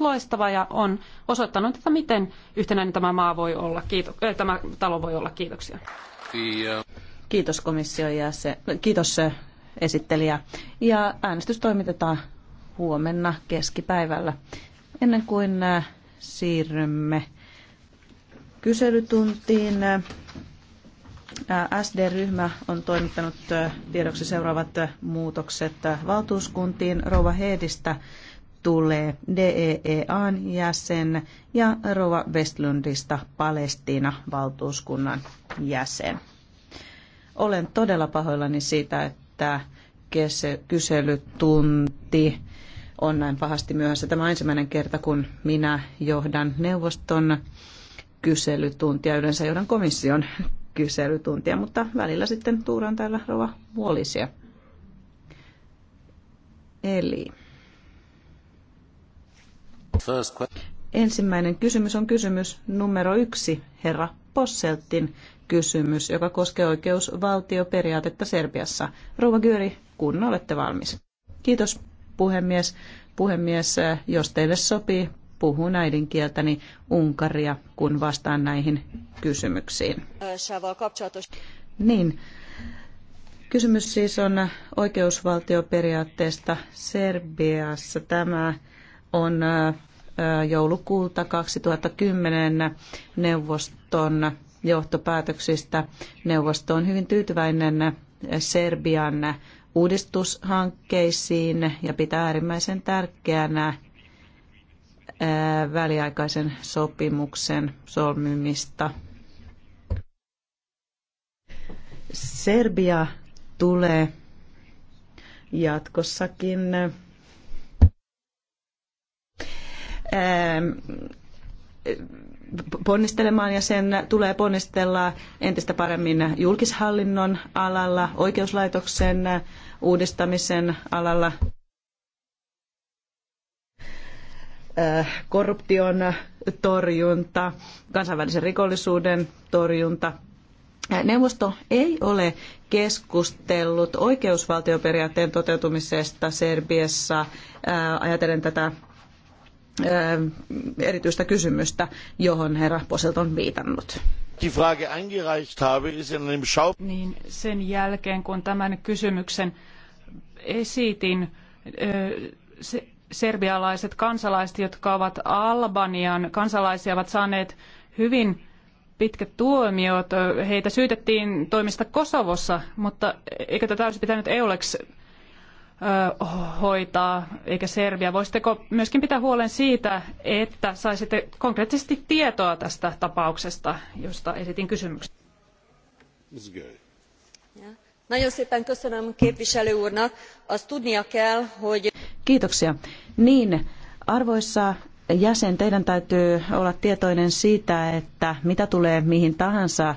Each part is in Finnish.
loistava ja on osoittanut, että miten yhtenäinen tämä maa voi olla. Kiito, äh, tämä talo voi olla. Kiitoksia. Kiitos komissio ja se Kiitos esittelijä. Ja äänestys toimitetaan huomenna keskipäivällä. Ennen kuin siirrymme kyselytuntiin, SD-ryhmä on toimittanut tiedoksi seuraavat muutokset valtuuskuntiin. Rouva Heedistä tulee DEEAn jäsen ja Rova Westlundista Palestiina-valtuuskunnan jäsen. Olen todella pahoillani siitä, että kyselytunti on näin pahasti myöhässä. Tämä on ensimmäinen kerta, kun minä johdan neuvoston kyselytuntia. Yleensä johdan komission kyselytuntia, mutta välillä sitten tuuran täällä rova vuolisia. Eli Ensimmäinen kysymys on kysymys numero yksi, herra Posseltin kysymys, joka koskee oikeusvaltioperiaatetta Serbiassa. Rouva Györi, kun olette valmis. Kiitos puhemies. Puhemies, jos teille sopii, puhun äidinkieltäni Unkaria, kun vastaan näihin kysymyksiin. Niin, kysymys siis on oikeusvaltioperiaatteesta Serbiassa. Tämä on joulukuulta 2010 neuvoston johtopäätöksistä. Neuvosto on hyvin tyytyväinen Serbian uudistushankkeisiin ja pitää äärimmäisen tärkeänä väliaikaisen sopimuksen solmimista. Serbia tulee jatkossakin Ähm, ponnistelemaan ja sen tulee ponnistella entistä paremmin julkishallinnon alalla, oikeuslaitoksen uudistamisen alalla, äh, korruption torjunta, kansainvälisen rikollisuuden torjunta. Äh, neuvosto ei ole keskustellut oikeusvaltioperiaatteen toteutumisesta Serbiassa, äh, ajatellen tätä erityistä kysymystä, johon herra Poselt on viitannut. Niin sen jälkeen, kun tämän kysymyksen esitin, se, serbialaiset kansalaiset, jotka ovat Albanian kansalaisia, ovat saaneet hyvin pitkät tuomiot. Heitä syytettiin toimista Kosovossa, mutta eikö tätä olisi pitänyt EULEX hoitaa, eikä Serbia. Voisitteko myöskin pitää huolen siitä, että saisitte konkreettisesti tietoa tästä tapauksesta, josta esitin kysymyksen? Kiitoksia. Niin, arvoisa jäsen, teidän täytyy olla tietoinen siitä, että mitä tulee mihin tahansa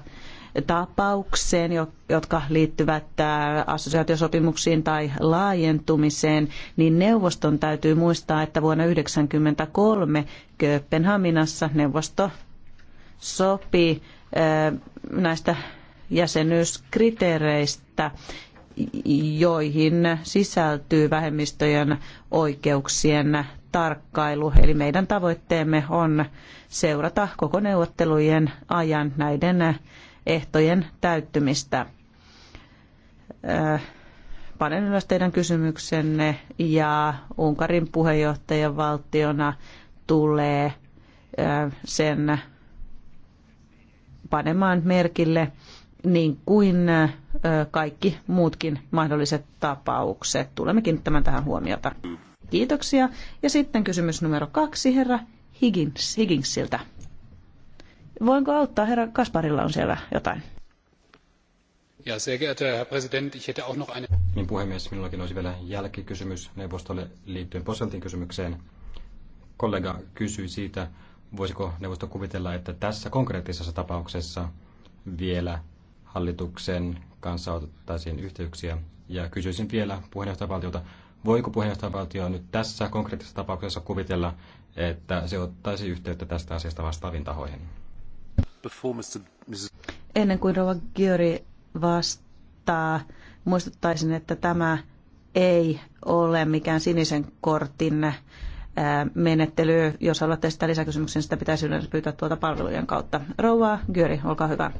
tapaukseen, jotka liittyvät assosiaatiosopimuksiin tai laajentumiseen, niin neuvoston täytyy muistaa, että vuonna 1993 Kööpenhaminassa neuvosto sopi näistä jäsenyyskriteereistä, joihin sisältyy vähemmistöjen oikeuksien tarkkailu. Eli meidän tavoitteemme on seurata koko neuvottelujen ajan näiden ehtojen täyttymistä. Äh, panen ylös teidän kysymyksenne ja Unkarin valtiona tulee äh, sen panemaan merkille niin kuin äh, kaikki muutkin mahdolliset tapaukset. Tulemme kiinnittämään tähän huomiota. Kiitoksia. Ja sitten kysymys numero kaksi herra Higgins, Higginsiltä. Voinko auttaa? Herra Kasparilla on siellä jotain. Ja se, että Herr Präsident, ich hätte auch noch eine... Niin puhemies, minullakin olisi vielä jälkikysymys neuvostolle liittyen Poseltin kysymykseen. Kollega kysyi siitä, voisiko neuvosto kuvitella, että tässä konkreettisessa tapauksessa vielä hallituksen kanssa otettaisiin yhteyksiä. Ja kysyisin vielä puheenjohtajavaltiota, voiko puheenjohtajavaltio nyt tässä konkreettisessa tapauksessa kuvitella, että se ottaisi yhteyttä tästä asiasta vastaaviin tahoihin? Ennen kuin Rova Gyri vastaa, muistuttaisin, että tämä ei ole mikään sinisen kortin äh, menettely. Jos haluatte sitä lisäkysymyksen, sitä pitäisi yleensä pyytää tuolta palvelujen kautta. Rouva Gyri, olkaa hyvä.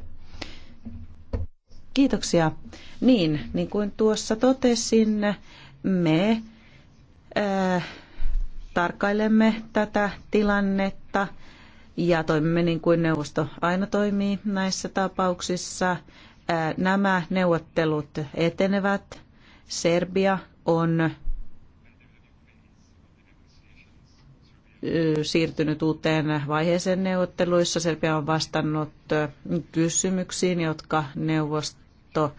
Kiitoksia. Niin, niin kuin tuossa totesin, me äh, tarkkailemme tätä tilannetta ja toimimme niin kuin neuvosto aina toimii näissä tapauksissa. Nämä neuvottelut etenevät. Serbia on siirtynyt uuteen vaiheeseen neuvotteluissa. Serbia on vastannut kysymyksiin, jotka neuvosto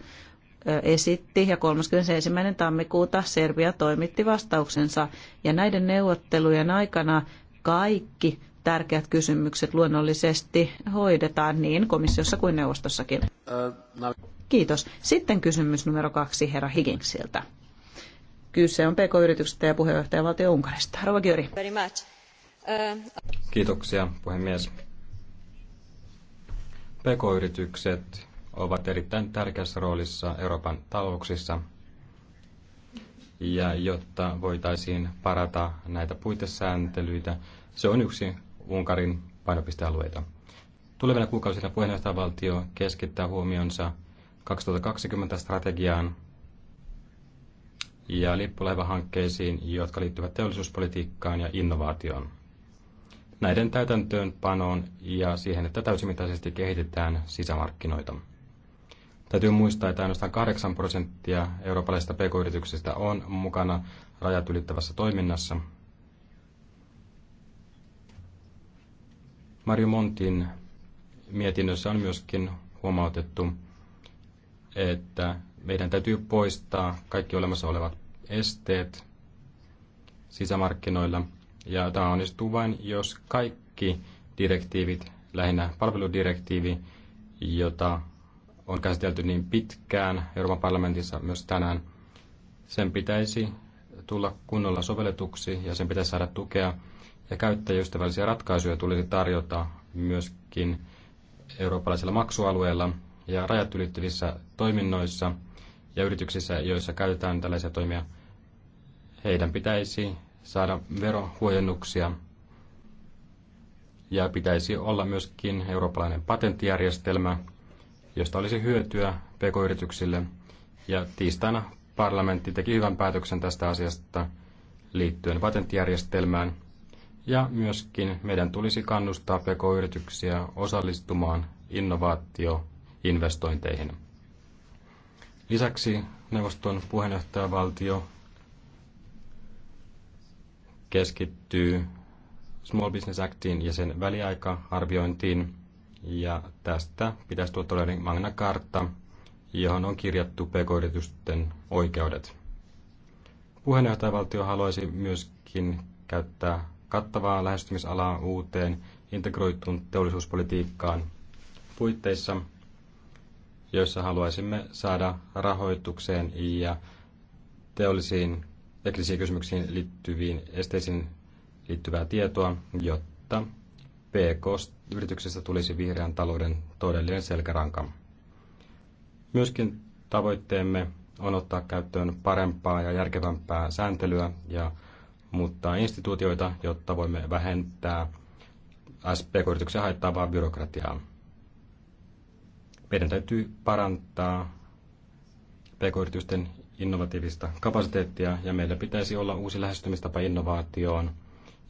esitti ja 31. tammikuuta Serbia toimitti vastauksensa ja näiden neuvottelujen aikana kaikki tärkeät kysymykset luonnollisesti hoidetaan niin komissiossa kuin neuvostossakin. Kiitos. Sitten kysymys numero kaksi herra Higginsiltä. Kyse on PK-yrityksestä ja puheenjohtajavaltio Unkarista. Rova Györi. Uh, Kiitoksia, puhemies. PK-yritykset ovat erittäin tärkeässä roolissa Euroopan talouksissa. Ja jotta voitaisiin parata näitä puitesääntelyitä, se on yksi Unkarin painopistealueita. Tulevina kuukausina puheenjohtajavaltio keskittää huomionsa 2020 strategiaan ja lippulaivahankkeisiin, jotka liittyvät teollisuuspolitiikkaan ja innovaatioon. Näiden täytäntöön panoon ja siihen, että täysimittaisesti kehitetään sisämarkkinoita. Täytyy muistaa, että ainoastaan 8 prosenttia eurooppalaisista pk-yrityksistä on mukana rajat ylittävässä toiminnassa – Mario Montin mietinnössä on myöskin huomautettu, että meidän täytyy poistaa kaikki olemassa olevat esteet sisämarkkinoilla. Ja tämä onnistuu vain, jos kaikki direktiivit, lähinnä palveludirektiivi, jota on käsitelty niin pitkään Euroopan parlamentissa myös tänään, sen pitäisi tulla kunnolla sovelletuksi ja sen pitäisi saada tukea ja käyttäjäystävällisiä ratkaisuja tulisi tarjota myöskin eurooppalaisella maksualueella ja rajat ylittävissä toiminnoissa ja yrityksissä, joissa käytetään tällaisia toimia. Heidän pitäisi saada verohuojennuksia ja pitäisi olla myöskin eurooppalainen patenttijärjestelmä, josta olisi hyötyä pk-yrityksille. Ja tiistaina parlamentti teki hyvän päätöksen tästä asiasta liittyen patenttijärjestelmään – ja myöskin meidän tulisi kannustaa pk-yrityksiä osallistumaan innovaatioinvestointeihin. Lisäksi neuvoston puheenjohtajavaltio keskittyy Small Business Actiin ja sen väliaika-arviointiin. Ja tästä pitäisi tuoda todellinen Magna Carta, johon on kirjattu pk-yritysten oikeudet. Puheenjohtajavaltio haluaisi myöskin käyttää kattavaa lähestymisalaa uuteen integroituun teollisuuspolitiikkaan puitteissa, joissa haluaisimme saada rahoitukseen ja teollisiin teknisiin kysymyksiin liittyviin esteisiin liittyvää tietoa, jotta PK-yrityksestä tulisi vihreän talouden todellinen selkäranka. Myöskin tavoitteemme on ottaa käyttöön parempaa ja järkevämpää sääntelyä ja muuttaa instituutioita, jotta voimme vähentää sp yrityksen haittaavaa byrokratiaa. Meidän täytyy parantaa PK-yritysten innovatiivista kapasiteettia ja meillä pitäisi olla uusi lähestymistapa innovaatioon,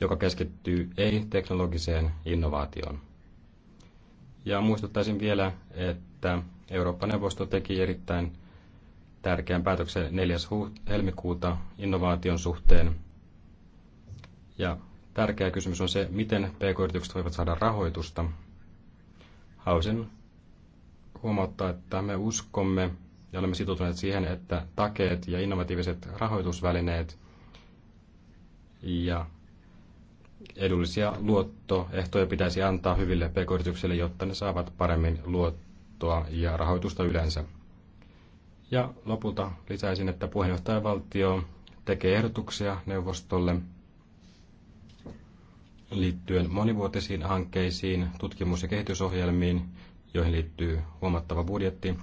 joka keskittyy ei-teknologiseen innovaatioon. Ja muistuttaisin vielä, että Eurooppa-neuvosto teki erittäin tärkeän päätöksen 4. helmikuuta innovaation suhteen. Ja tärkeä kysymys on se, miten pk-yritykset voivat saada rahoitusta. Haluaisin huomauttaa, että me uskomme ja olemme sitoutuneet siihen, että takeet ja innovatiiviset rahoitusvälineet ja edullisia luottoehtoja pitäisi antaa hyville pk-yrityksille, jotta ne saavat paremmin luottoa ja rahoitusta yleensä. Ja lopulta lisäisin, että puheenjohtajavaltio tekee ehdotuksia neuvostolle – liittyen monivuotisiin hankkeisiin, tutkimus- ja kehitysohjelmiin, joihin liittyy huomattava budjetti.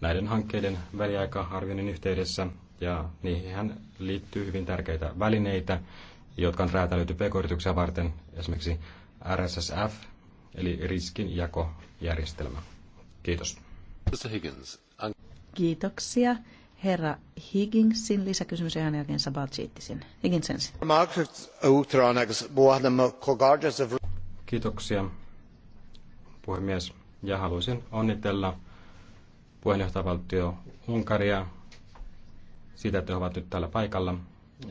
Näiden hankkeiden väliaikaarvioinnin yhteydessä ja niihin liittyy hyvin tärkeitä välineitä, jotka on räätälöity pk varten, esimerkiksi RSSF, eli riskinjakojärjestelmä. Kiitos. Kiitoksia herra Higginsin lisäkysymys ja hänen jälkeensä Balchiittisin. Higginsens. Kiitoksia, puhemies. Ja haluaisin onnitella puheenjohtajavaltio Unkaria siitä, että he ovat nyt täällä paikalla.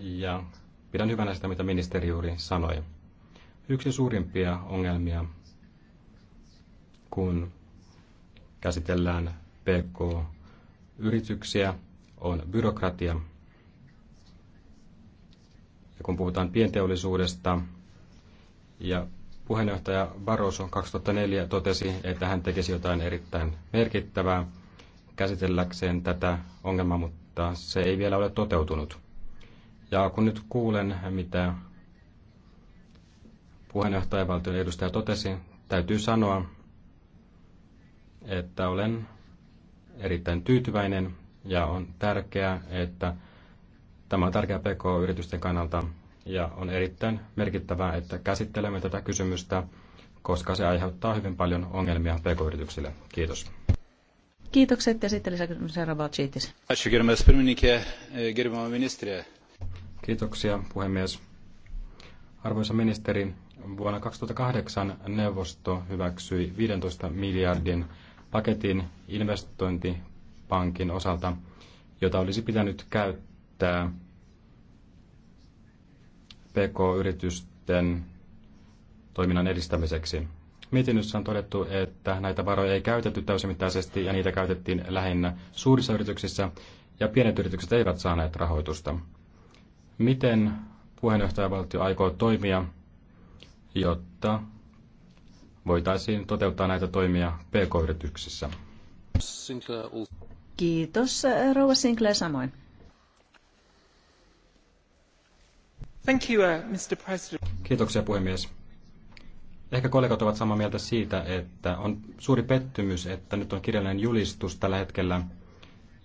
Ja pidän hyvänä sitä, mitä ministeri juuri sanoi. Yksi suurimpia ongelmia, kun käsitellään PK-yrityksiä, on byrokratia. Ja kun puhutaan pienteollisuudesta, ja puheenjohtaja Barroso 2004 totesi, että hän tekisi jotain erittäin merkittävää käsitelläkseen tätä ongelmaa, mutta se ei vielä ole toteutunut. Ja kun nyt kuulen, mitä valtion edustaja totesi, täytyy sanoa, että olen erittäin tyytyväinen ja on tärkeää, että tämä on tärkeä PK-yritysten kannalta ja on erittäin merkittävää, että käsittelemme tätä kysymystä, koska se aiheuttaa hyvin paljon ongelmia PK-yrityksille. Kiitos. Kiitokset ja sitten lisäkysymys herra Valtsiitis. E, Kiitoksia puhemies. Arvoisa ministeri, vuonna 2008 neuvosto hyväksyi 15 miljardin paketin investointi pankin osalta, jota olisi pitänyt käyttää PK-yritysten toiminnan edistämiseksi. Mietinnössä on todettu, että näitä varoja ei käytetty täysimittaisesti ja niitä käytettiin lähinnä suurissa yrityksissä ja pienet yritykset eivät saaneet rahoitusta. Miten puheenjohtajavaltio aikoo toimia, jotta voitaisiin toteuttaa näitä toimia pk-yrityksissä? Kiitos, eh, rouva Sinclair samoin. Thank you, uh, eh, Mr. President. Kiitoksia puhemies. Ehkä kollegat ovat samaa mieltä siitä, että on suuri pettymys, että nyt on kirjallinen julistus tällä hetkellä,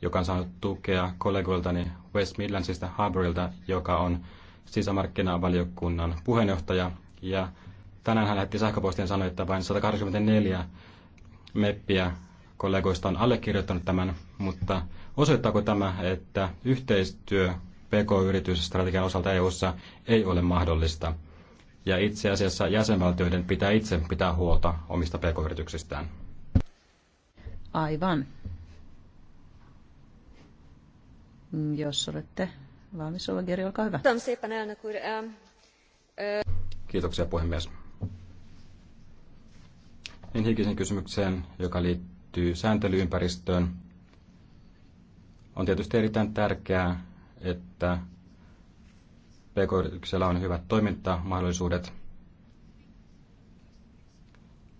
joka on saanut tukea kollegoiltani West Midlandsista Harborilta, joka on sisämarkkinavaliokunnan puheenjohtaja. Ja tänään hän lähetti sähköpostin sanoi, että vain 184 meppiä kollegoista on allekirjoittanut tämän mutta osoittaako tämä, että yhteistyö PK-yritysstrategian osalta EU:ssa ei ole mahdollista? Ja itse asiassa jäsenvaltioiden pitää itse pitää huolta omista PK-yrityksistään. Aivan. Jos olette valmis olla, Geri, olkaa hyvä. Kiitoksia puhemies. Niin hikisen kysymykseen, joka liittyy sääntelyympäristöön, on tietysti erittäin tärkeää, että pk-yrityksellä on hyvät toimintamahdollisuudet.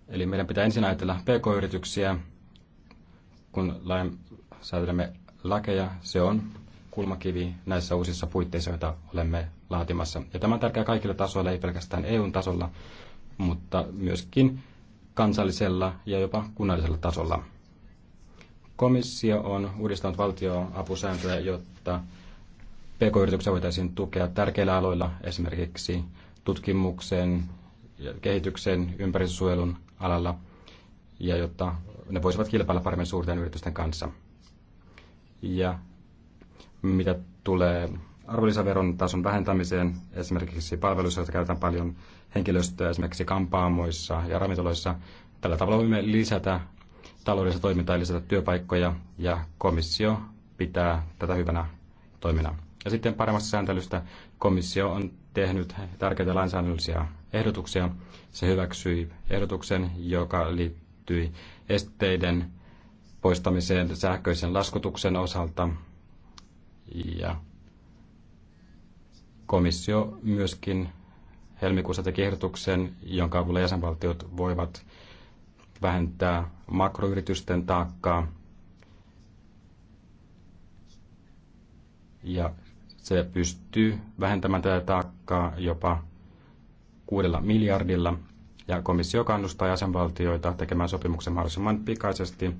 Eli meidän pitää ensin ajatella pk-yrityksiä, kun lain, säätelemme lakeja. Se on kulmakivi näissä uusissa puitteissa, joita olemme laatimassa. Ja tämä on tärkeää kaikilla tasoilla, ei pelkästään eu tasolla, mutta myöskin kansallisella ja jopa kunnallisella tasolla. Komissio on uudistanut valtioapusääntöjä, jotta PK-yrityksiä voitaisiin tukea tärkeillä aloilla, esimerkiksi tutkimuksen, kehityksen, ympäristösuojelun alalla, ja jotta ne voisivat kilpailla paremmin suurten yritysten kanssa. Ja mitä tulee arvonlisäveron tason vähentämiseen, esimerkiksi palveluissa, joita käytetään paljon henkilöstöä, esimerkiksi kampaamoissa ja ravintoloissa, tällä tavalla voimme lisätä taloudellista toimintaa ja lisätä työpaikkoja, ja komissio pitää tätä hyvänä toimina. Ja sitten paremmasta sääntelystä komissio on tehnyt tärkeitä lainsäädännöllisiä ehdotuksia. Se hyväksyi ehdotuksen, joka liittyi esteiden poistamiseen sähköisen laskutuksen osalta. Ja komissio myöskin helmikuussa teki ehdotuksen, jonka avulla jäsenvaltiot voivat vähentää makroyritysten taakkaa. Ja se pystyy vähentämään tätä taakkaa jopa kuudella miljardilla. Ja komissio kannustaa jäsenvaltioita tekemään sopimuksen mahdollisimman pikaisesti,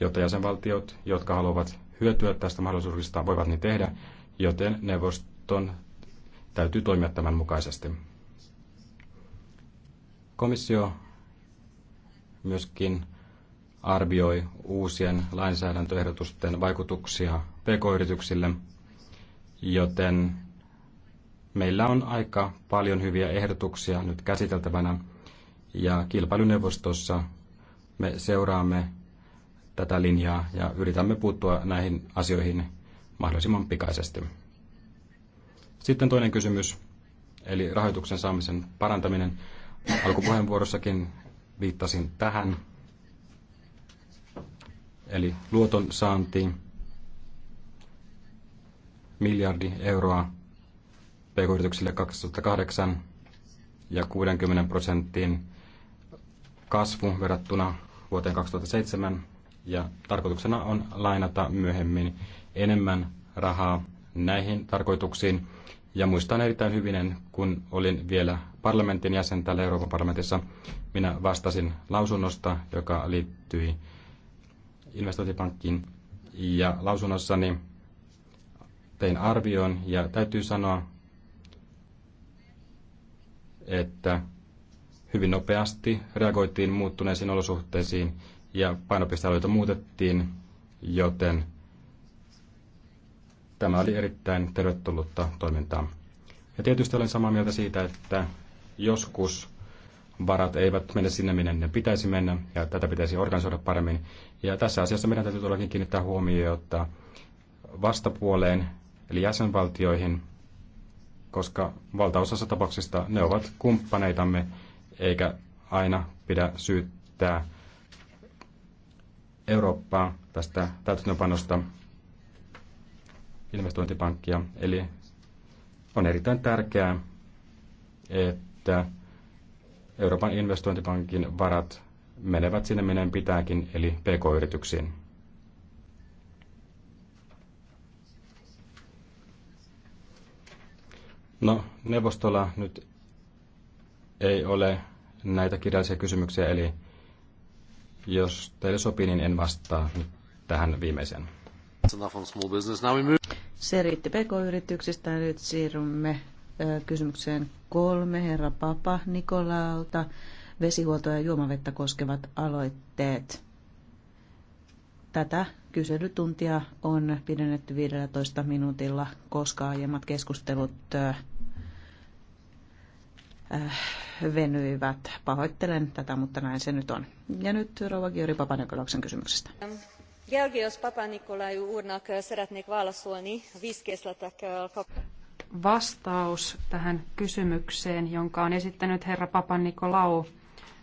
jotta jäsenvaltiot, jotka haluavat hyötyä tästä mahdollisuudesta, voivat niin tehdä, joten neuvoston täytyy toimia tämän mukaisesti. Komissio myöskin arvioi uusien lainsäädäntöehdotusten vaikutuksia pk-yrityksille, joten meillä on aika paljon hyviä ehdotuksia nyt käsiteltävänä ja kilpailuneuvostossa me seuraamme tätä linjaa ja yritämme puuttua näihin asioihin mahdollisimman pikaisesti. Sitten toinen kysymys, eli rahoituksen saamisen parantaminen. Alkupuheenvuorossakin viittasin tähän eli luoton saanti miljardi euroa pk-yrityksille 2008 ja 60 prosentin kasvu verrattuna vuoteen 2007 ja tarkoituksena on lainata myöhemmin enemmän rahaa näihin tarkoituksiin. Ja muistan erittäin hyvinen, kun olin vielä parlamentin jäsen täällä Euroopan parlamentissa, minä vastasin lausunnosta, joka liittyi investointipankkiin ja lausunnossani tein arvion ja täytyy sanoa, että hyvin nopeasti reagoitiin muuttuneisiin olosuhteisiin ja painopistealueita muutettiin, joten tämä oli erittäin tervetullutta toimintaa. Ja tietysti olen samaa mieltä siitä, että joskus varat eivät mene sinne, minne ne pitäisi mennä, ja tätä pitäisi organisoida paremmin. Ja tässä asiassa meidän täytyy todellakin kiinnittää huomiota vastapuoleen, eli jäsenvaltioihin, koska valtaosassa tapauksista ne ovat kumppaneitamme, eikä aina pidä syyttää Eurooppaa tästä täytäntöönpanosta investointipankkia. Eli on erittäin tärkeää, että Euroopan investointipankin varat menevät sinne, minne pitääkin, eli pk-yrityksiin. No, neuvostolla nyt ei ole näitä kirjallisia kysymyksiä, eli jos teille sopii, niin en vastaa nyt tähän viimeiseen. Se riitti PK-yrityksistä. Nyt siirrymme kysymykseen kolme herra Papa Nikolaalta vesihuoltoa ja juomavettä koskevat aloitteet. Tätä kyselytuntia on pidennetty 15 minuutilla, koska aiemmat keskustelut äh, venyivät. Pahoittelen tätä, mutta näin se nyt on. Ja nyt rouva Giori Papanikolauksen kysymyksestä. Georgios Papanikolaou urnak szeretnék válaszolni viskeslatak Vastaus tähän kysymykseen, jonka on esittänyt herra Papanikolaou,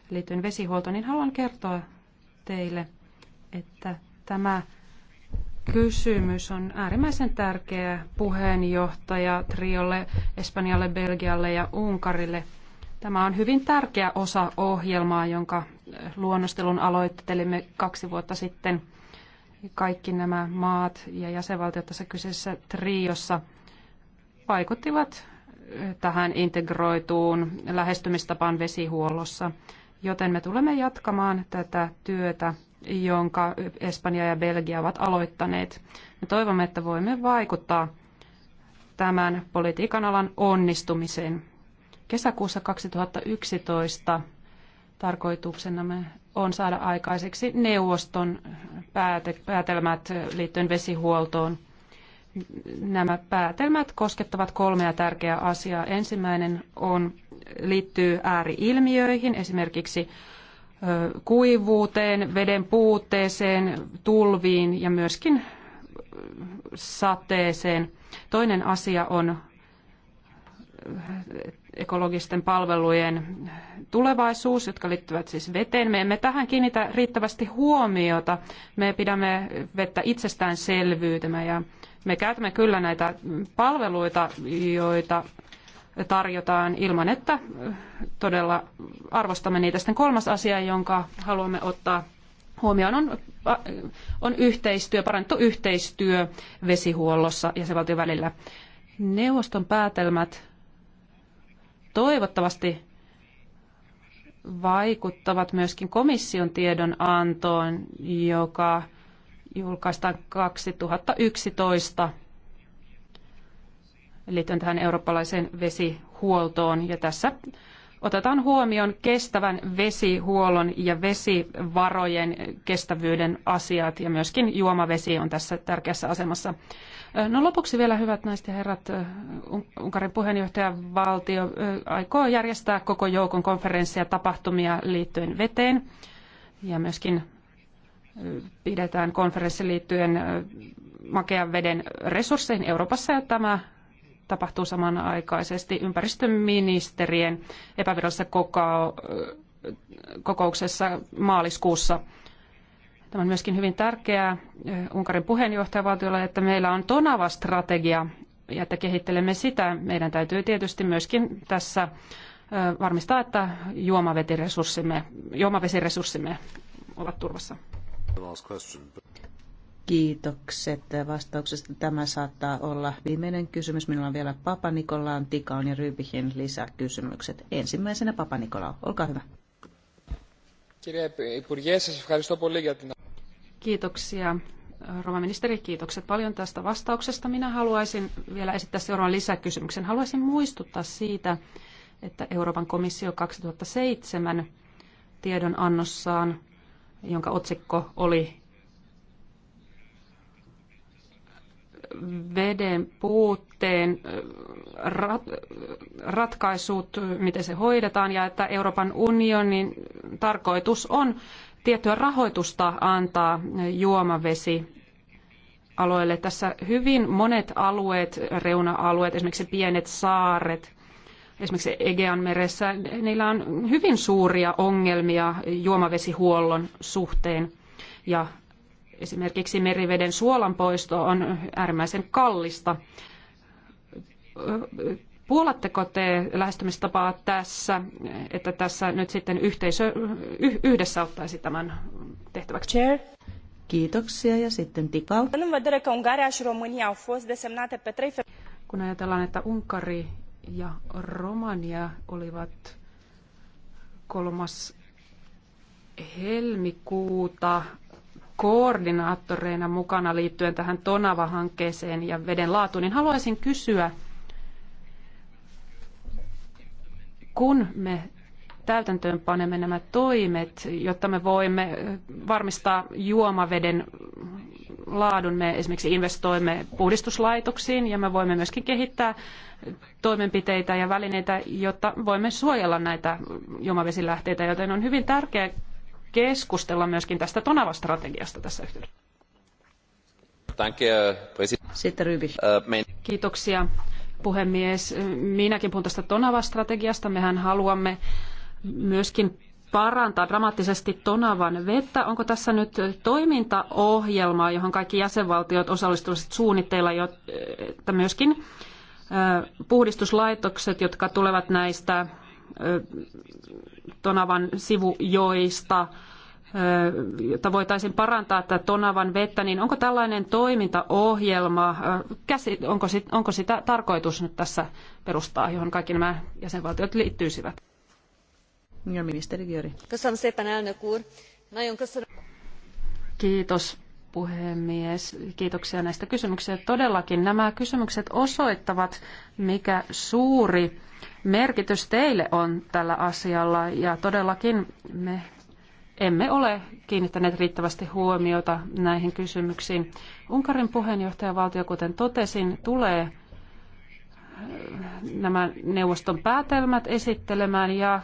liittyen vesihuoltoon, niin haluan kertoa teille, että tämä kysymys on äärimmäisen tärkeä puheenjohtaja Triolle, Espanjalle, Belgialle ja Unkarille. Tämä on hyvin tärkeä osa ohjelmaa, jonka luonnostelun aloittelimme kaksi vuotta sitten. Kaikki nämä maat ja jäsenvaltiot tässä kyseisessä triossa vaikuttivat tähän integroituun lähestymistapaan vesihuollossa joten me tulemme jatkamaan tätä työtä, jonka Espanja ja Belgia ovat aloittaneet. Me toivomme, että voimme vaikuttaa tämän politiikan alan onnistumiseen. Kesäkuussa 2011 tarkoituksenamme on saada aikaiseksi neuvoston päätelmät liittyen vesihuoltoon nämä päätelmät koskettavat kolmea tärkeää asiaa. Ensimmäinen on, liittyy ääriilmiöihin, esimerkiksi kuivuuteen, veden puutteeseen, tulviin ja myöskin sateeseen. Toinen asia on ekologisten palvelujen tulevaisuus, jotka liittyvät siis veteen. Me emme tähän kiinnitä riittävästi huomiota. Me pidämme vettä itsestäänselvyytenä ja me käytämme kyllä näitä palveluita, joita tarjotaan ilman, että todella arvostamme niitä. Sitten kolmas asia, jonka haluamme ottaa huomioon, on, on yhteistyö, parannettu yhteistyö vesihuollossa jäsenvaltion välillä. Neuvoston päätelmät toivottavasti vaikuttavat myöskin komission tiedonantoon, joka julkaistaan 2011 liittyen tähän eurooppalaiseen vesihuoltoon. Ja tässä otetaan huomioon kestävän vesihuollon ja vesivarojen kestävyyden asiat ja myöskin juomavesi on tässä tärkeässä asemassa. No lopuksi vielä hyvät naiset ja herrat, Unkarin valtio aikoo järjestää koko joukon konferensseja tapahtumia liittyen veteen ja myöskin pidetään konferenssi liittyen makean veden resursseihin Euroopassa ja tämä tapahtuu samanaikaisesti ympäristöministerien epävirallisessa kokouksessa maaliskuussa. Tämä on myöskin hyvin tärkeää Unkarin puheenjohtajavaltiolle, että meillä on Tonava-strategia ja että kehittelemme sitä. Meidän täytyy tietysti myöskin tässä varmistaa, että juomavesiresurssimme, juomavesiresurssimme ovat turvassa. Kiitokset vastauksesta. Tämä saattaa olla viimeinen kysymys. Minulla on vielä Papa Nikolaan, Tikaon ja Rybihin lisäkysymykset. Ensimmäisenä Papa Nikola, olkaa hyvä. Kiitoksia. Rova ministeri, kiitokset paljon tästä vastauksesta. Minä haluaisin vielä esittää seuraavan lisäkysymyksen. Haluaisin muistuttaa siitä, että Euroopan komissio 2007 tiedonannossaan jonka otsikko oli veden puutteen äh, ratkaisut, miten se hoidetaan, ja että Euroopan unionin tarkoitus on tiettyä rahoitusta antaa juomavesi alueelle. Tässä hyvin monet alueet, reuna-alueet, esimerkiksi pienet saaret, esimerkiksi Egean meressä, niillä on hyvin suuria ongelmia juomavesihuollon suhteen ja esimerkiksi meriveden suolanpoisto on äärimmäisen kallista. Puolatteko te lähestymistapaa tässä, että tässä nyt sitten yhteisö yhdessä ottaisi tämän tehtäväksi? Chair. Kiitoksia ja sitten Tikau. Kun ajatellaan, että Unkari ja Romania olivat kolmas helmikuuta koordinaattoreina mukana liittyen tähän Tonava-hankkeeseen ja veden laatuun, niin haluaisin kysyä, kun me täytäntöön panemme nämä toimet, jotta me voimme varmistaa juomaveden laadun. Me esimerkiksi investoimme puhdistuslaitoksiin ja me voimme myöskin kehittää toimenpiteitä ja välineitä, jotta voimme suojella näitä juomavesilähteitä, joten on hyvin tärkeää keskustella myöskin tästä Tonava-strategiasta tässä yhteydessä. Äh, Kiitoksia puhemies. Minäkin puhun tästä Tonava-strategiasta. Mehän haluamme myöskin parantaa dramaattisesti Tonavan vettä. Onko tässä nyt toimintaohjelmaa, johon kaikki jäsenvaltiot osallistuvat suunnitteilla, jotta myöskin puhdistuslaitokset, jotka tulevat näistä Tonavan sivujoista, jotta voitaisiin parantaa tätä Tonavan vettä, niin onko tällainen toimintaohjelma, onko sitä tarkoitus nyt tässä perustaa, johon kaikki nämä jäsenvaltiot liittyisivät? Ja ministeri puhemies. Kiitoksia näistä kysymyksistä. Todellakin nämä kysymykset osoittavat, mikä suuri merkitys teille on tällä asialla. Ja todellakin me emme ole kiinnittäneet riittävästi huomiota näihin kysymyksiin. Unkarin puheenjohtajavaltio, kuten totesin, tulee äh, nämä neuvoston päätelmät esittelemään ja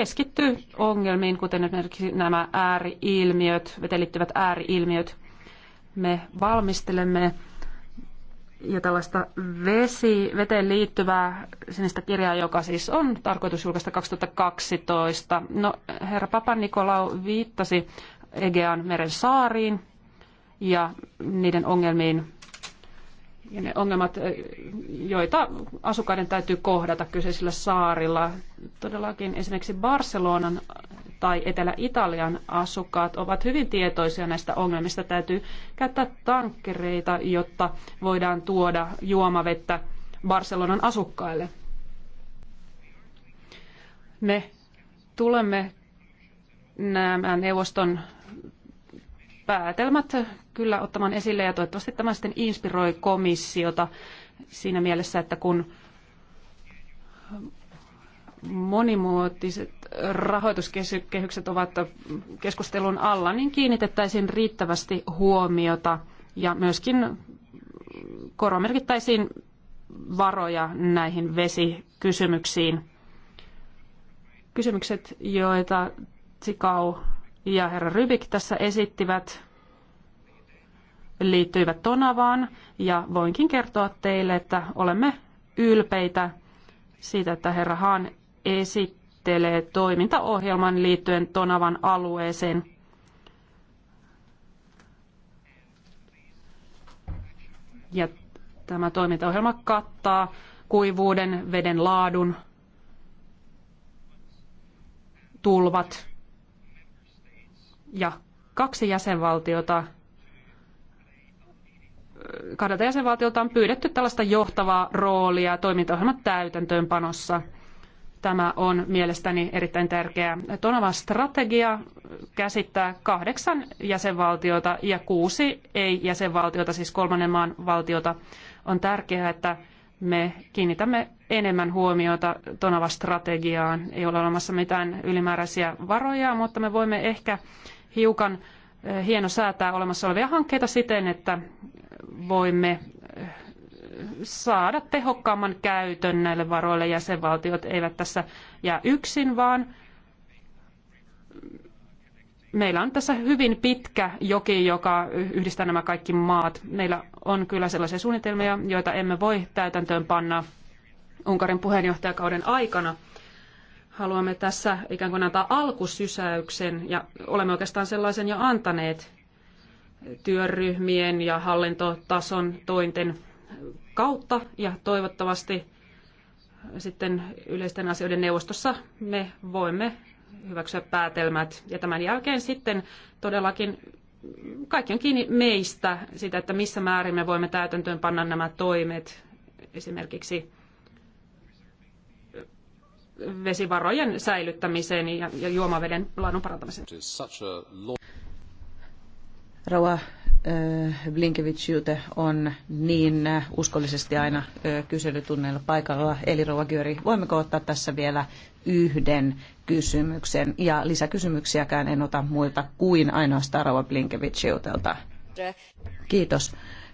keskittyy ongelmiin, kuten esimerkiksi nämä ääriilmiöt, vetelittyvät ääriilmiöt. Me valmistelemme ja tällaista vesi, veteen liittyvää sinistä kirjaa, joka siis on tarkoitus julkaista 2012. No, herra Papa Nikolau viittasi Egean meren saariin ja niiden ongelmiin ja ne ongelmat, joita asukkaiden täytyy kohdata kyseisillä saarilla. Todellakin esimerkiksi Barcelonan tai Etelä-Italian asukkaat ovat hyvin tietoisia näistä ongelmista. Täytyy käyttää tankkereita, jotta voidaan tuoda juomavettä Barcelonan asukkaille. Me tulemme nämä neuvoston päätelmät kyllä ottamaan esille ja toivottavasti tämä sitten inspiroi komissiota siinä mielessä, että kun monimuotiset rahoituskehykset ovat keskustelun alla, niin kiinnitettäisiin riittävästi huomiota ja myöskin koromerkittäisiin varoja näihin vesikysymyksiin. Kysymykset, joita Tsikau ja herra Rybik tässä esittivät, liittyivät Tonavaan. Ja voinkin kertoa teille, että olemme ylpeitä siitä, että herra Haan esittelee toimintaohjelman liittyen Tonavan alueeseen. Ja tämä toimintaohjelma kattaa kuivuuden, veden laadun, tulvat ja kaksi jäsenvaltiota kahdelta jäsenvaltiolta on pyydetty tällaista johtavaa roolia toimintaohjelman täytäntöönpanossa. Tämä on mielestäni erittäin tärkeää. Tonava strategia käsittää kahdeksan jäsenvaltiota ja kuusi ei-jäsenvaltiota, siis kolmannen maan valtiota. On tärkeää, että me kiinnitämme enemmän huomiota Tonava strategiaan. Ei ole olemassa mitään ylimääräisiä varoja, mutta me voimme ehkä hiukan eh, hieno säätää olemassa olevia hankkeita siten, että voimme eh, saada tehokkaamman käytön näille varoille. Jäsenvaltiot eivät tässä jää yksin, vaan meillä on tässä hyvin pitkä joki, joka yhdistää nämä kaikki maat. Meillä on kyllä sellaisia suunnitelmia, joita emme voi täytäntöön panna Unkarin puheenjohtajakauden aikana – haluamme tässä ikään kuin antaa alkusysäyksen ja olemme oikeastaan sellaisen jo antaneet työryhmien ja hallintotason tointen kautta ja toivottavasti sitten yleisten asioiden neuvostossa me voimme hyväksyä päätelmät ja tämän jälkeen sitten todellakin kaikki on kiinni meistä, sitä, että missä määrin me voimme täytäntöön panna nämä toimet, esimerkiksi vesivarojen säilyttämiseen ja, ja juomaveden laadun parantamiseen. Rauha Blinkevich-Jute on niin uskollisesti aina kyselytunneilla paikalla. Eli rauha Györi, voimmeko ottaa tässä vielä yhden kysymyksen? Ja lisäkysymyksiäkään en ota muilta kuin ainoastaan Rauha Blinkevich-Jutelta. Kiitos.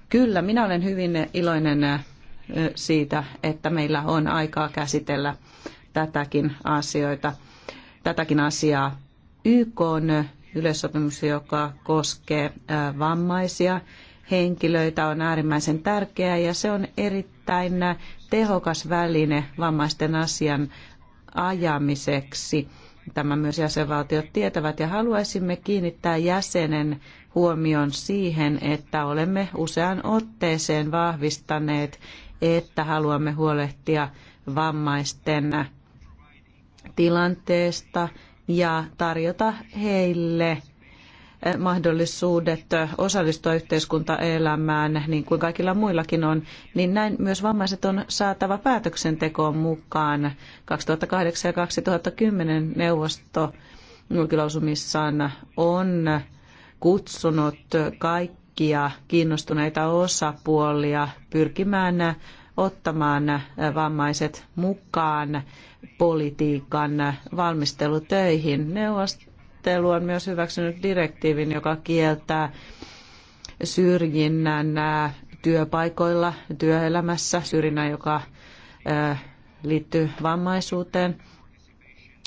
Kyllä, minä olen hyvin iloinen siitä, että meillä on aikaa käsitellä tätäkin, asioita, tätäkin asiaa. YK on yleissopimus, joka koskee vammaisia henkilöitä, on äärimmäisen tärkeä ja se on erittäin tehokas väline vammaisten asian ajamiseksi. Tämä myös jäsenvaltiot tietävät ja haluaisimme kiinnittää jäsenen huomion siihen, että olemme usean otteeseen vahvistaneet, että haluamme huolehtia vammaisten tilanteesta ja tarjota heille eh, mahdollisuudet eh, osallistua yhteiskuntaelämään, niin kuin kaikilla muillakin on, niin näin myös vammaiset on saatava päätöksentekoon mukaan. 2008 ja 2010 neuvosto julkilausumissaan on kutsunut kaikkia kiinnostuneita osapuolia pyrkimään ottamaan vammaiset mukaan politiikan valmistelutöihin. Neuvostelu on myös hyväksynyt direktiivin, joka kieltää syrjinnän työpaikoilla, työelämässä, syrjinnän, joka liittyy vammaisuuteen.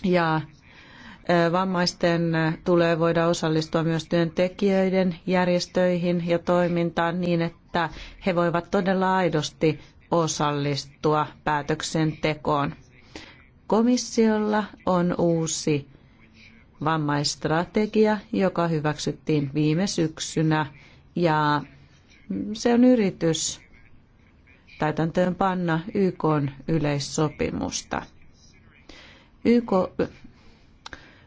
Ja Vammaisten tulee voida osallistua myös työntekijöiden järjestöihin ja toimintaan niin, että he voivat todella aidosti osallistua päätöksentekoon. Komissiolla on uusi vammaistrategia, joka hyväksyttiin viime syksynä ja se on yritys täytäntöön panna YK yleissopimusta. YK,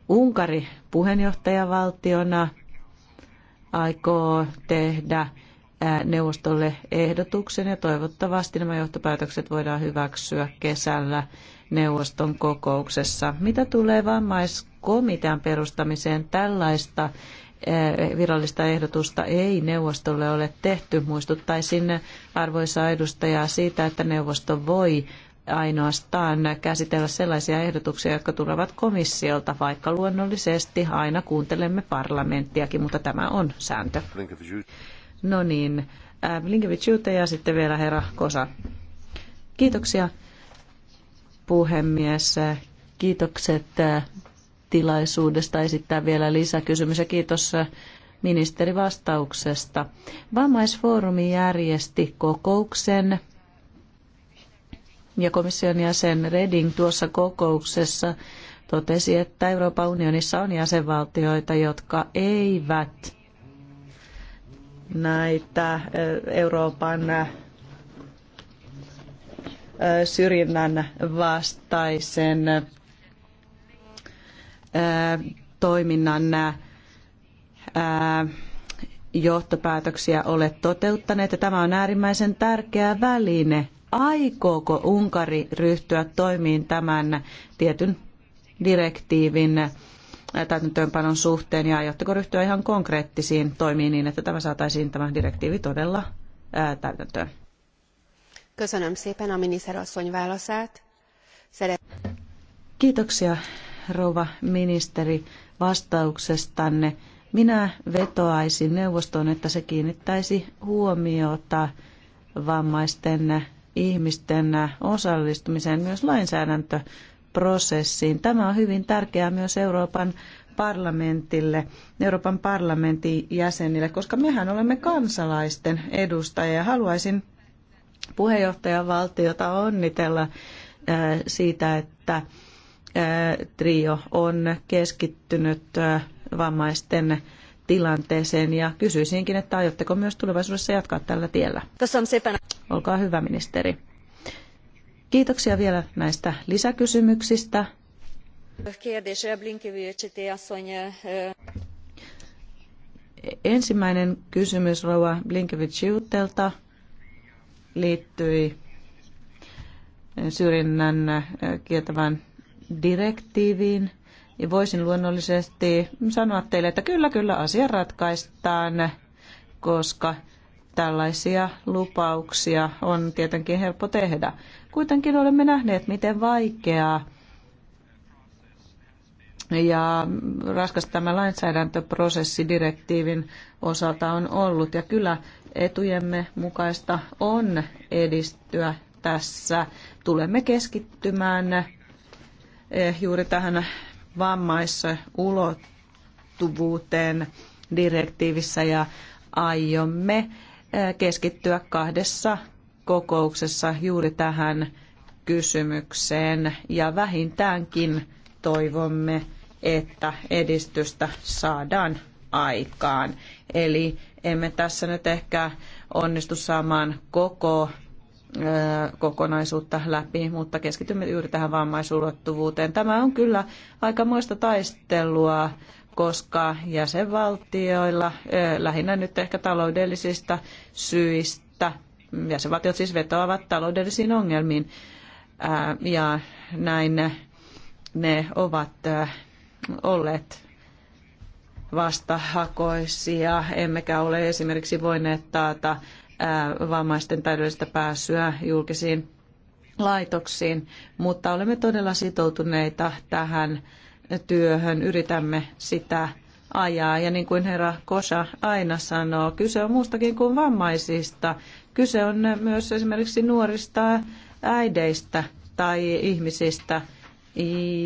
Unkari puheenjohtajavaltiona aikoo tehdä neuvostolle ehdotuksen ja toivottavasti nämä johtopäätökset voidaan hyväksyä kesällä neuvoston kokouksessa. Mitä tulee vammaiskomitean perustamiseen, tällaista virallista ehdotusta ei neuvostolle ole tehty. Muistuttaisin arvoisa edustajaa siitä, että neuvosto voi ainoastaan käsitellä sellaisia ehdotuksia, jotka tulevat komissiolta, vaikka luonnollisesti aina kuuntelemme parlamenttiakin, mutta tämä on sääntö. No niin, ähm, Jute ja sitten vielä herra Kosa. Kiitoksia puhemies. Kiitokset äh, tilaisuudesta esittää vielä lisäkysymys ja kiitos äh, ministeri vastauksesta. Vammaisfoorumi järjesti kokouksen ja komission jäsen Reding tuossa kokouksessa totesi, että Euroopan unionissa on jäsenvaltioita, jotka eivät näitä Euroopan syrjinnän vastaisen toiminnan johtopäätöksiä ole toteuttaneet. Ja tämä on äärimmäisen tärkeä väline. Aikooko Unkari ryhtyä toimiin tämän tietyn direktiivin täytäntöönpanon suhteen ja aiotteko ryhtyä ihan konkreettisiin toimiin niin, että tämä saataisiin tämä direktiivi todella ää, täytäntöön? Köszönöm szépen a miniszterasszony válaszát. Kiitoksia rouva ministeri vastauksestanne. Minä vetoaisin neuvostoon, että se kiinnittäisi huomiota vammaisten ihmisten osallistumiseen myös lainsäädäntö prosessiin. Tämä on hyvin tärkeää myös Euroopan parlamentille, Euroopan parlamentin jäsenille, koska mehän olemme kansalaisten edustajia. Haluaisin puheenjohtajavaltiota onnitella äh, siitä, että äh, trio on keskittynyt äh, vammaisten tilanteeseen ja kysyisinkin, että aiotteko myös tulevaisuudessa jatkaa tällä tiellä? Olkaa hyvä ministeri. Kiitoksia vielä näistä lisäkysymyksistä. Ensimmäinen kysymys Rova Blinkevich-Jutelta liittyi syrjinnän äh, kieltävään direktiiviin. Ja voisin luonnollisesti sanoa teille, että kyllä, kyllä asia ratkaistaan, koska tällaisia lupauksia on tietenkin helppo tehdä. Kuitenkin olemme nähneet, miten vaikeaa ja raskas tämä lainsäädäntöprosessi direktiivin osalta on ollut. Ja kyllä etujemme mukaista on edistyä tässä. Tulemme keskittymään eh, juuri tähän vammaisulottuvuuteen direktiivissä ja aiomme keskittyä kahdessa kokouksessa juuri tähän kysymykseen ja vähintäänkin toivomme, että edistystä saadaan aikaan. Eli emme tässä nyt ehkä onnistu saamaan koko kokonaisuutta läpi, mutta keskitymme juuri tähän vammaisulottuvuuteen. Tämä on kyllä aikamoista taistelua koska jäsenvaltioilla lähinnä nyt ehkä taloudellisista syistä, jäsenvaltiot siis vetoavat taloudellisiin ongelmiin ja näin ne ovat olleet vastahakoisia, emmekä ole esimerkiksi voineet taata vammaisten täydellistä pääsyä julkisiin laitoksiin, mutta olemme todella sitoutuneita tähän työhön, yritämme sitä ajaa. Ja niin kuin herra Kosa aina sanoo, kyse on muustakin kuin vammaisista. Kyse on myös esimerkiksi nuorista äideistä tai ihmisistä,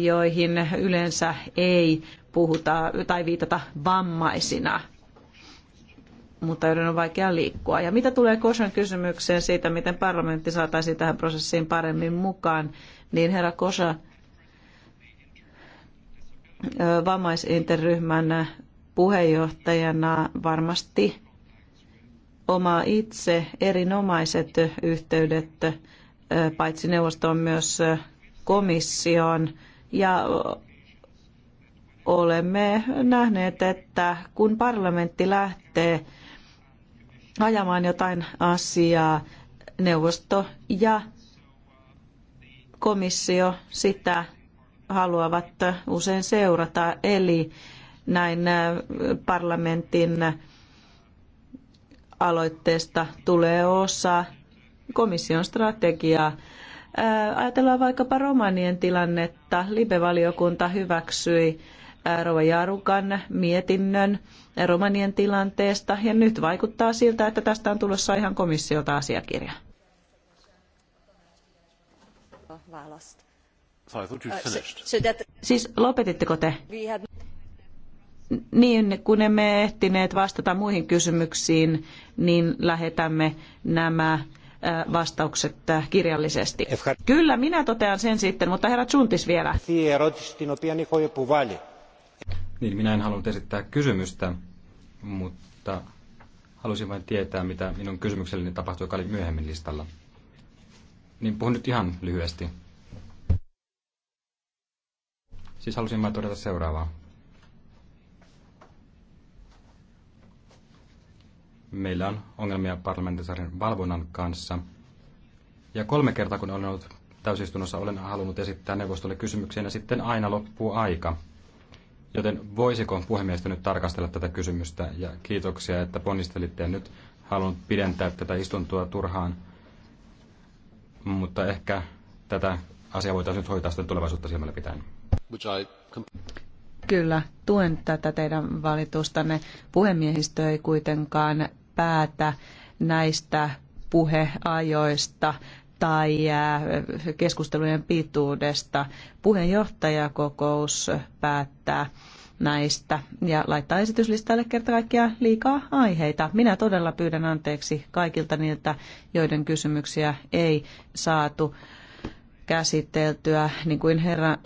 joihin yleensä ei puhuta tai viitata vammaisina mutta joiden on vaikea liikkua. Ja mitä tulee Kosan kysymykseen siitä, miten parlamentti saataisiin tähän prosessiin paremmin mukaan, niin herra Kosa vammaisinterryhmän puheenjohtajana varmasti omaa itse erinomaiset yhteydet paitsi neuvostoon myös komissioon ja olemme nähneet, että kun parlamentti lähtee ajamaan jotain asiaa, neuvosto ja komissio sitä haluavat usein seurata, eli näin äh, parlamentin aloitteesta tulee osa komission strategiaa. Äh, ajatellaan vaikkapa romanien tilannetta. Libe-valiokunta hyväksyi äh, Rova Jarukan mietinnön romanien tilanteesta ja nyt vaikuttaa siltä, että tästä on tulossa ihan komissiota asiakirja. Vaalasta. So I thought you uh, finished. So, so that... Siis lopetitteko te? Had... Niin, kun emme ehtineet vastata muihin kysymyksiin, niin lähetämme nämä äh, vastaukset äh, kirjallisesti. Kyllä, minä totean sen sitten, mutta herra Tsuntis vielä. Niin, minä en halunnut esittää kysymystä, mutta halusin vain tietää, mitä minun kysymykselleni tapahtui, joka oli myöhemmin listalla. Niin puhun nyt ihan lyhyesti. Siis halusin mä todeta seuraavaa. Meillä on ongelmia parlamentaarisen valvonnan kanssa. Ja kolme kertaa, kun olen ollut täysistunnossa, olen halunnut esittää neuvostolle kysymyksiä ja sitten aina loppuu aika. Joten voisiko puhemiestä nyt tarkastella tätä kysymystä ja kiitoksia, että ponnistelitte nyt halunnut pidentää tätä istuntoa turhaan, mutta ehkä tätä asiaa voitaisiin nyt hoitaa sitten tulevaisuutta silmällä pitäen. Kyllä, tuen tätä teidän valitustanne. Puhemiehistö ei kuitenkaan päätä näistä puheajoista tai äh, keskustelujen pituudesta. Puheenjohtajakokous päättää näistä ja laittaa esityslistalle kerta kaikkiaan liikaa aiheita. Minä todella pyydän anteeksi kaikilta niiltä, joiden kysymyksiä ei saatu käsiteltyä, niin kuin herra